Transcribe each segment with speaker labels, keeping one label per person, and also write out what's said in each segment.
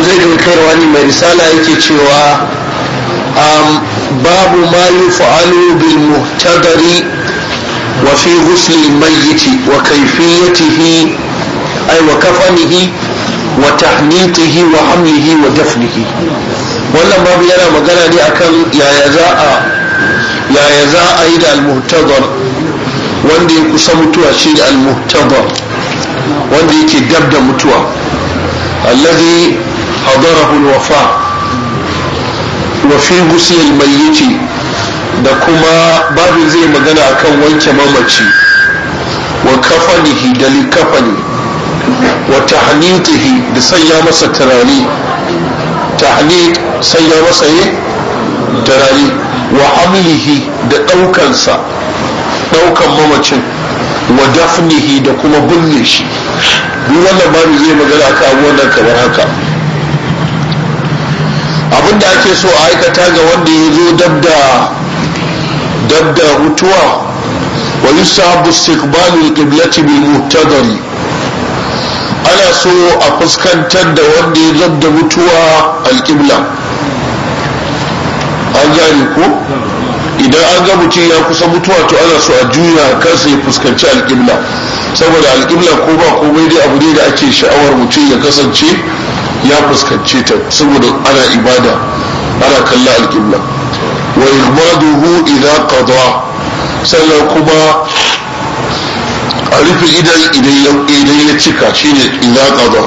Speaker 1: abu zai bin wani mai risala yake cewa um, babu ma yuf'alu bil muhtadari wa fi ghusli mayyiti wa kayfiyatihi ay wa kafanihi wa tahnitihi wa hamlihi wa dafnihi wannan babu yana magana ne akan yaya za a yaya za a yi da al wanda ya kusa mutuwa shi da al wanda yake dab da mutuwa allazi hadarahu alwafa wa fi gusil mayyiti da kuma babin zai magana a kan wanke mamaci wa kafanihi da likafani wa tahnitihi da sanya masa turare tahnit sanya masa yi turare wa hamlihi da ɗaukansa ɗaukan mamacin wa dafnihi da kuma binne shi duk wannan babin zai magana a ka abubuwan kamar haka Abin da ake so a aikata ga wanda ya zo dabda dabda mutuwa wa yusabu istiqbalul qiblati bil muhtadari ana so a fuskantar da wanda ya zabda mutuwa alƙibla an gane ko idan an ga mutum ya kusa mutuwa to ana so a juya kansa ya fuskanci alƙibla saboda alƙibla ko ba komai dai abu ne da ake sha'awar mutum ya kasance ya fuskance ta saboda ana ibada ana kalla alƙibla wa ihmaduhu idza qada sannan kuma a rufe idan idan ya cika shine idza qada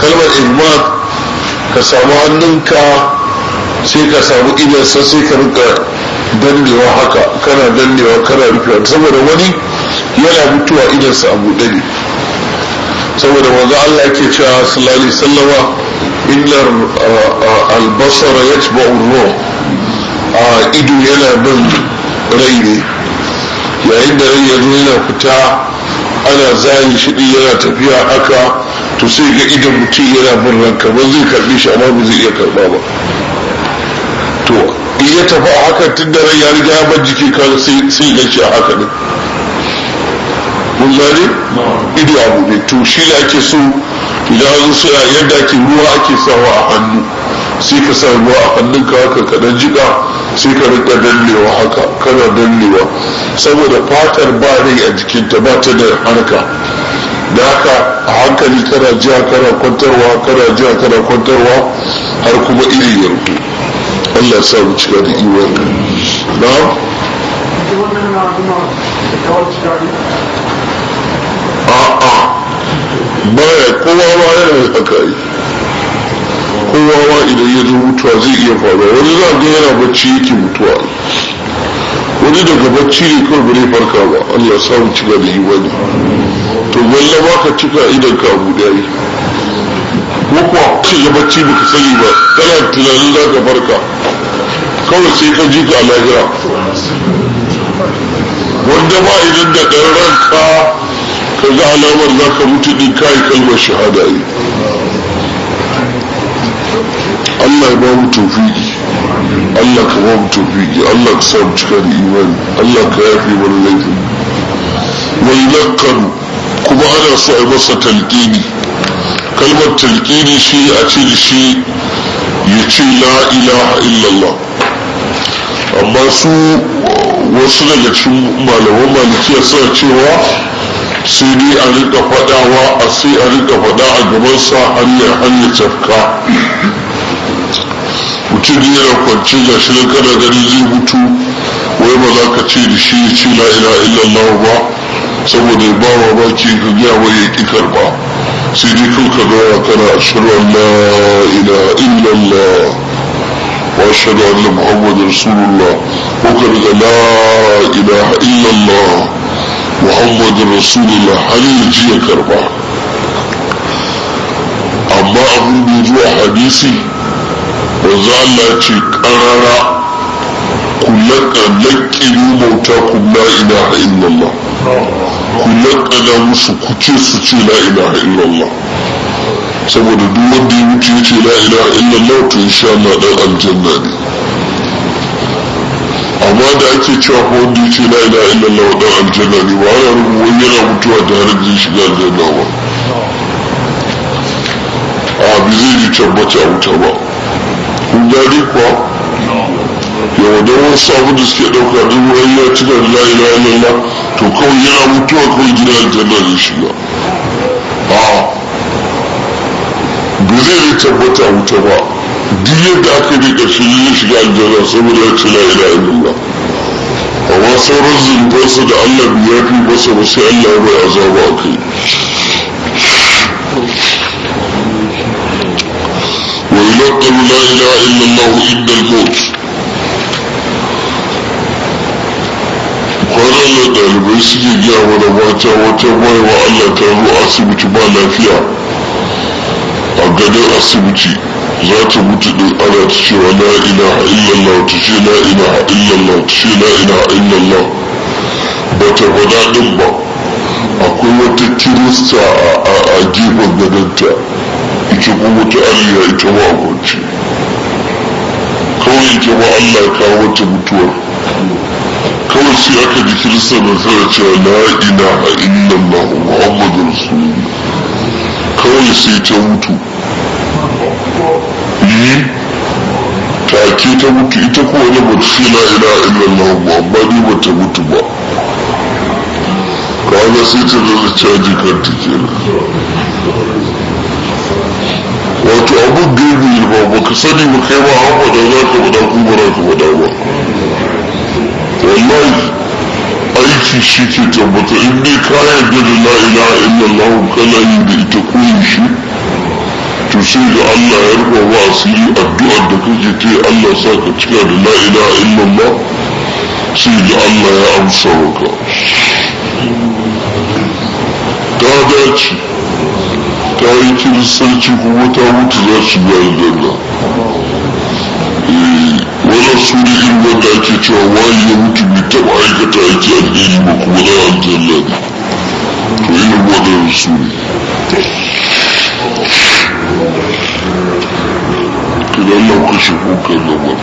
Speaker 1: kalmar ihmad ka samu hannunka sai ka samu sa sai ka rinka dannewa haka kana dannewa kana rufe saboda wani yana mutuwa idan sa abu ne saboda manzo Allah yake cewa sallallahu alaihi wasallama illar uh, uh, albasar yatba'u ruh a ido yana bin rai ne yayin da rai yanzu yana fita ana zayin shiɗi yana tafiya haka to sai ga idan mutum yana bin ranka ba zai karɓi shi amma ba zai iya karɓa ba to in ya tafi a haka tun da rai ya riga ya bar jiki kan sai ya ce a haka ne mun gane a bude to shi da ake so idan zo yadda ake ruwa ake sawa a hannu sai ka sa ruwa a hannun ka haka ka dan sai ka rika dallewa haka kana dallewa saboda fatar ba rai a jikinta ba ta da harka da haka a hankali kana jiya kana kwantarwa kana jiya kana kwantarwa har kuma iri yanku Allah sa
Speaker 2: mu cika da iwon na? a'a baya kowa ba yana
Speaker 1: yin haka yi kowa ba idan ya zo mutuwa zai iya faruwa wani za ga yana bacci yake mutuwa wani daga bacci ne kawai bane farka ba ya samu cika da yi wani to walla ba ka cika idan ka abu da yi ko kuwa ya bacci ba ka sani ba kana tunanin za ka farka kawai sai ka ji ka lahira wanda ba idan da
Speaker 2: ɗan ranka ka ga alamar za ka mutu din kai kalmar shahada yi Allah ya ba mu tofiki Allah ka ba mu tofiki Allah ka sa mu cika da imani Allah ka yafe mana laifin wani lakaru kuma ana so a masa talƙini kalmar talƙini shi a ce da shi ya ce la ilaha illallah amma su wasu daga cikin malaman malikiya suna cewa sai dai a rika fadawa a sai a rika fada a gabansa har ya har tafka mutum ne yana kwance ga shi na kana gani zai mutu wai ba za ka ce da shi ya ce la ila illallah ba saboda ba wa baki ka gaya wai ya ki karba sai dai kan ka zawa kana ashhadu an la ila illallah wa ashhadu anna muhammadar rasulullah ko ka riga la ilaha illallah محمد رسول الله hanyar jiya karɓa amma abin da zuwa hadisi wanzu Allah ce karara ku laƙinu mauta ku la ilaha illallah ku laƙana musu kuce su ce la ilaha illallah saboda duk wanda ya wuce ya ce la ilaha illallah to insha Allah dan aljanna ne amma da ake cewa ko wanda ce la ilaha illallah wa dan aljanna ne ba ana rubuwan yana mutuwa da har zai shiga aljanna ba a bi zai ji tabbata a wuta ba kun gani kuwa yau da wani sabu da suke ɗauka da wani ya ci da la ilaha illallah to kawai yana mutuwa kawai gina aljanna zai shiga a bi zai ji tabbata a wuta ba دیئے داکی دی کشیش گال جدا سبر اچھ لا إله الا اللہ اما سو رز ان کو الله اللہ بیا کی بس اسے اللہ بے عذاب آکی ویلقب لا إله الا اللہ ابن الموت Kwararra ɗalibai suke gya wada wata wata bayan wa Allah الله zo asibiti ba lafiya a gadon asibiti. za ta mutu ɗin ana cewa la ilaha illallah ta ce la ilaha illallah ta ce la ilaha illallah ba ta gwada ɗin ba akwai wata kirista a gefen gadonta ita kuma ta aliya ita ma abinci kawai ita ma Allah ya kawo ta mutuwar kawai sai aka ji kirista na tsara cewa la ilaha illallah muhammadu rasulullah kawai sai ta mutu المسلمين take ta mutu ita في لا إله إلا الله la قال ba amma ni mutu ba wato ba ba ka sani ba kai ba an faɗa za ka faɗa ba za ka aiki shi ke tabbata in dai ka la kana su yi addu'ar da kake ta Allah sa ka cika da la ilaha illallah sai da Allah ya amsa maka ta dace ta yi kiristanci kuma ta mutu za su yi aljanna eh, wannan su ne irin wanda ake cewa waye ya mutu bi taɓa aikata aiki alheri ba kuma na aljanna ne to irin wannan su ne to da Allah kashe kukan nan ba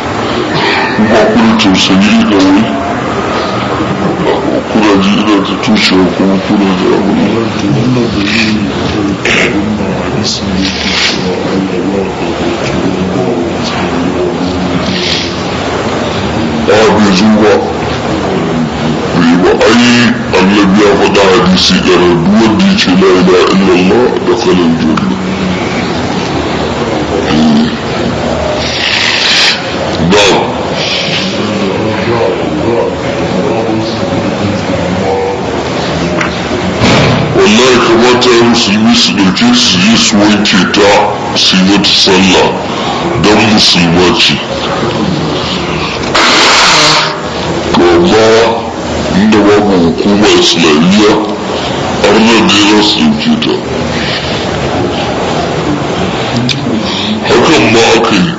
Speaker 2: ba kuma tausayi ga wani kuna ji ina ta tushe kuma kuna da abu ne to wannan da yi da kuma hadisi ne ke cewa Allah ya kwaikwaici wani ba wani tsari ba wani ne ba bai أي الذي يأخذ حديثي قال بودي لا إله إلا الله دخل الجنة dog wallahi kamata yau su yi musu ɗauke su yi su wanke ta su yi wata sallah don musulma ce amma inda babu hukuma islamiyya har nan ne za su ɗauke ta hakan ma aka yi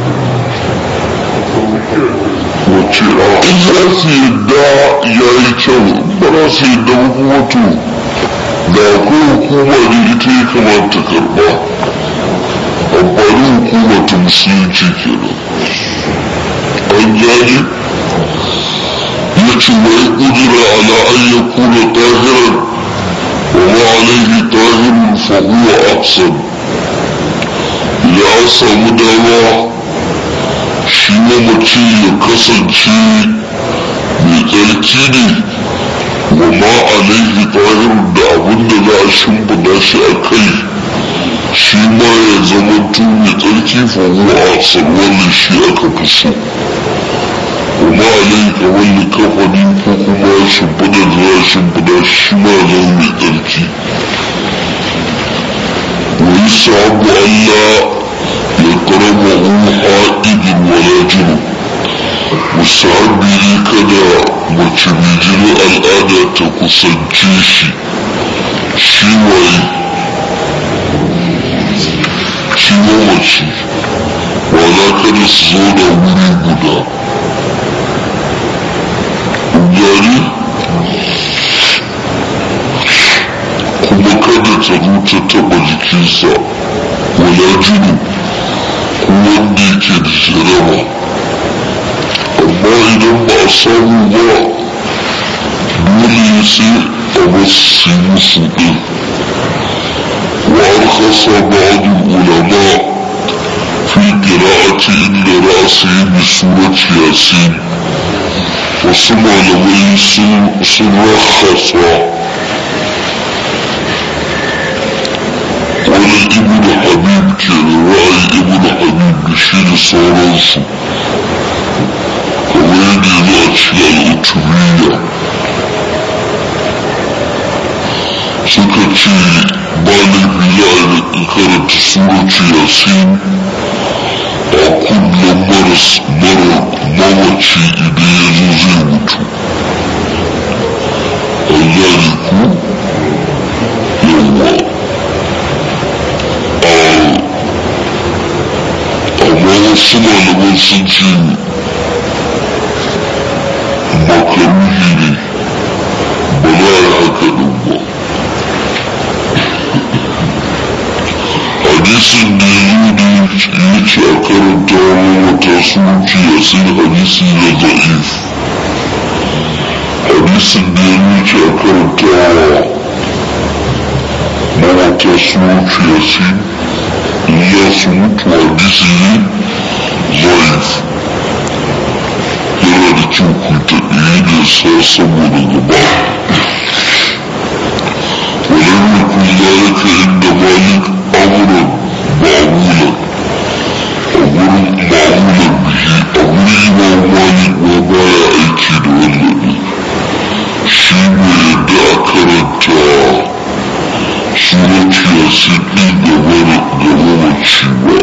Speaker 2: kuwacera in za su yadda ya yi kyau in ba za su yadda ba kuma to da akwai hukuma da ita ya kamata karba amfani hukuma ta musulunci kenan an gane ya ce wai ƙudura ala an ya kuna tahiran wa ma alaihi tahirun fa huwa afsan ya samu dama shi mamaci ya kasance mai tsarki ne wa ma alaihi tahir da abin da za a shimfiɗa shi a kai shi ma ya zama mai tsarki fa a sarwalin shi aka fi so kuma alaika wani kafani ko kuma shimfiɗa da za a shimfiɗa shi ma zama mai tsarki ويصعب Allah. القلم وهو حائد ولا جنوب musabiri kada mace mai jini al'ada ta kusance shi shi waye shi mamaci wala kada su zo da wuri guda gani kuma kada ta zo ta wanda yake da jaraba amma idan ba a samu ba dole sai a masu musu ɗin وأرخص بعض العلماء في قراءة إن رأسه بسورة ياسين وسمع لمن سرخص قال ابن حبيب كرواي ابن حبيب بشير صارنسو كمان يلاتي على الأتمية سكتي بالي بلاي كانت سورة ياسين أكون لمرس مرة موتي إلي يزوزي وتو الله يكون semana vão sentir makaruhi ne ba na yi haka ɗin ba hadisin da ya yi da ya ce a karanta wata suci a sai hadisi na za'if hadisin da ya yi ce a karanta mawata suci a hadisi life. Yana da kyau ku ta ɗaya saboda gaba. Walau yakun zalika inda Malik amuran ma'amulan. A wurin ma'amulan bihi a wuri Imam Malik ma baya aiki da wannan ne. Shi ne yadda surat Yasin ɗin gaba da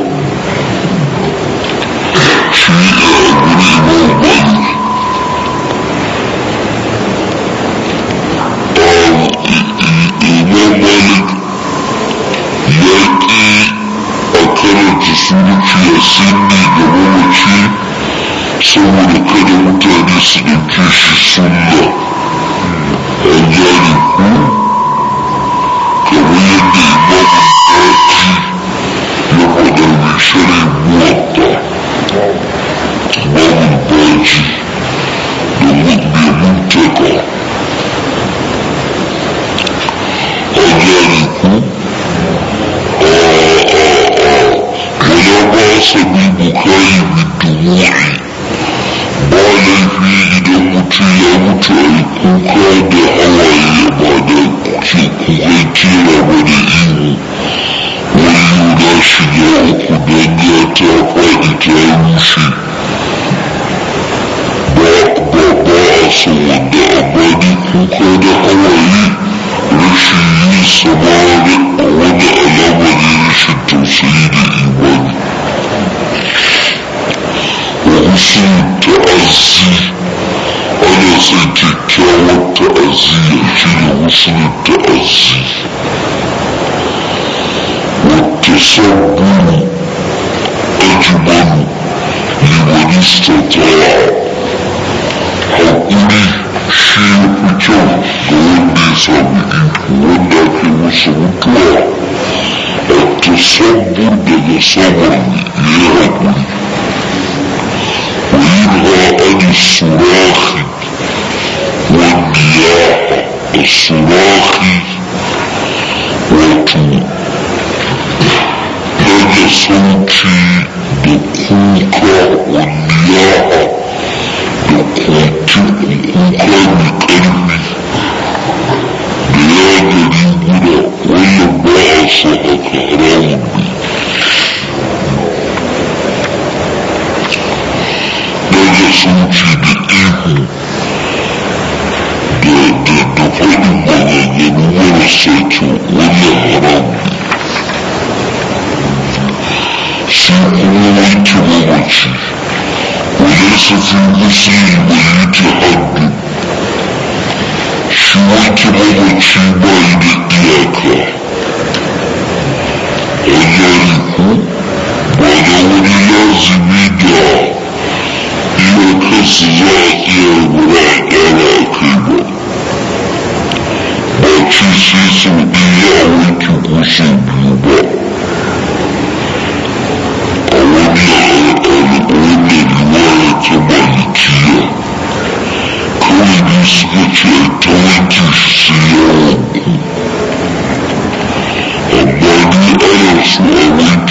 Speaker 2: その他の手でリスに禁止すんな。あがりく、輝いて今まで大事、山田にシャリン終わった。まだ大事。你来过的人，我有耐心，我不能让你再放弃尝试。爸，爸爸，我等你，不靠那块地，你是我的，我们俩来过的人生总是有意义。我们是夫妻。sai kyakkyawar ta'aziyya shi ne musulun ta'aziyya wata sabbin ajimanu liman istata'a haƙuri shi ya fi kyau ga wanda ya sami iko wanda ake masa mutuwa wata sabbin daga sabar ya yi haƙuri وينهى عن الصراخ الضياع الصراخي wato daga sauti da kuka waliyaha da koki kuka mai ƙarfi da ya gari guda wannan ba a sa haka haramun و یکی از درخواهی مورد مورد سایتی و یه حرامی شیطان و ایتماوچی و یه سفید و سیهی و یه تهند شیطان و ایتماوچی و یه و یه ریخون و یه ویازی میگه یه کسیه یه ویگه 去西藏，一样会去冒险的。而我呢，倒是被美女玩的莫名其妙，可我每次看到你就笑了，而美女爱说你。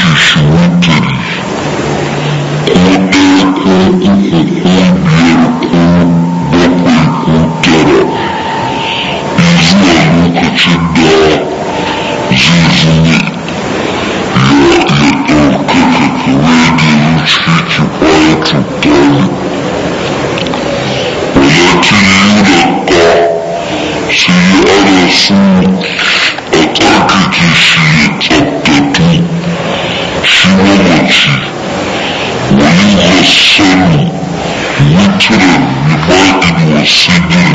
Speaker 2: so much that you might end up singing.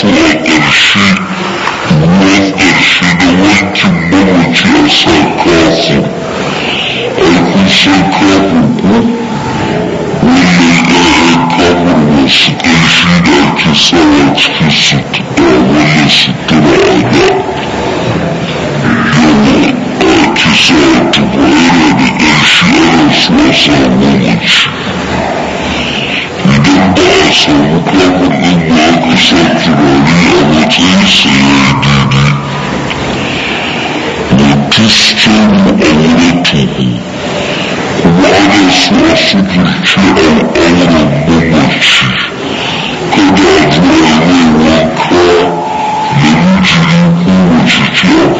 Speaker 2: ƙarshe ruwan ƙarshe da wankin mamaci a sa kafin aikun san kafin ko wannan ƴaƴan kafin masu ƙarfi da ake sawa cikin su da wannan sutura a da yawa ake sawa tuba yana da ƙarfi ana so a samu mace سبقهم الله سكراني أبطي سيديني وتسكن أورتهم وعلى أساسك الكأل أمر ممتي قد أجمعنا وكا لنجري قوتك أبطي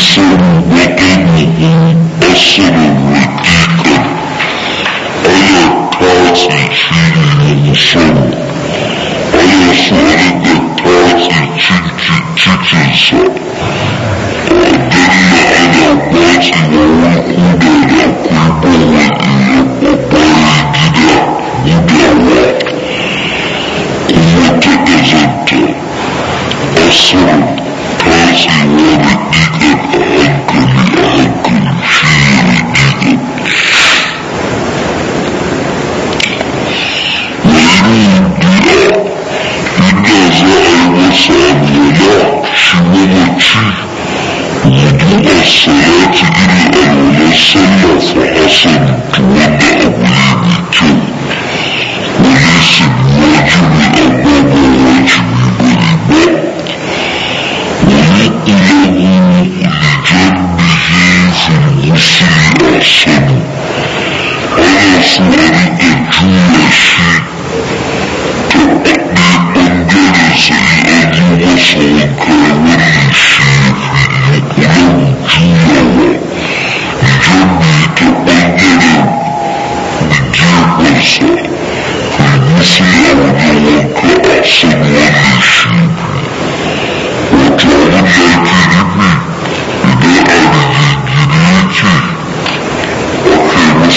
Speaker 2: أسر وإنه أسر وثيقا ألا تعصي فيه مصر ألا سؤالك تعصي تلك تلك